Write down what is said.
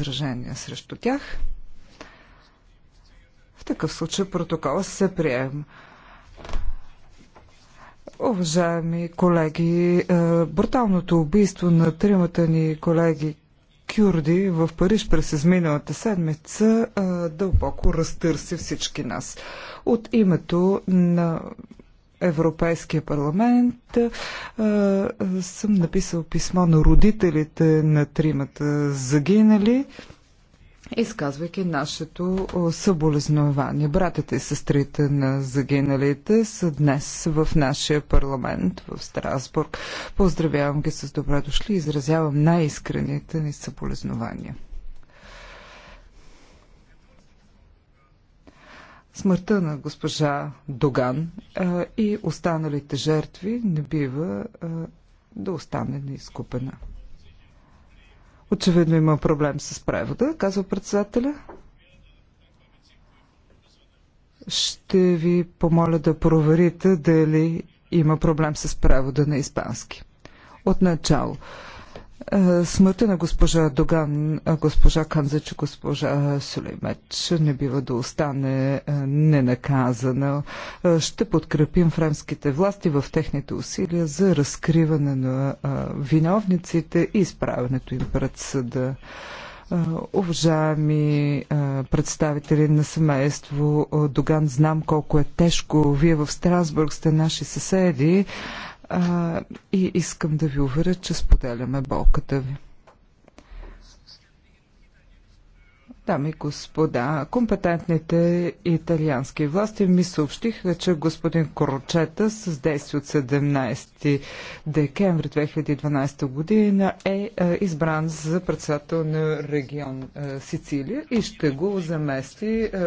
възражения срещу тях. В такъв случай протокола се прием. Уважаеми колеги, е, бруталното убийство на тримата ни колеги Кюрди в Париж през изминалата седмица е, дълбоко разтърси всички нас. От името на Европейския парламент е, е, съм написал писмо на родителите на тримата загинали изказвайки нашето съболезнование. Братята и сестрите на загиналите са днес в нашия парламент в Страсбург. Поздравявам ги с добре дошли и изразявам най-искрените ни съболезнования. Смъртта на госпожа Доган а, и останалите жертви не бива а, да остане неизкупена. Очевидно има проблем с превода, казва председателя. Ще ви помоля да проверите дали има проблем с превода на испански. От начало. Е, смъртта на госпожа Доган, госпожа Канзач и госпожа Сулеймеч не бива да остане е, ненаказана. Е, ще подкрепим френските власти в техните усилия за разкриване на виновниците и изправенето им пред съда. Уважаеми представители на семейство Доган, знам колко е тежко. Вие в Страсбург сте наши съседи а, и искам да ви уверя, че споделяме болката ви. Дами и господа, компетентните италиански власти ми съобщиха, че господин Корочета с действие от 17 декември 2012 година е, е избран за председател на регион е, Сицилия и ще го замести е,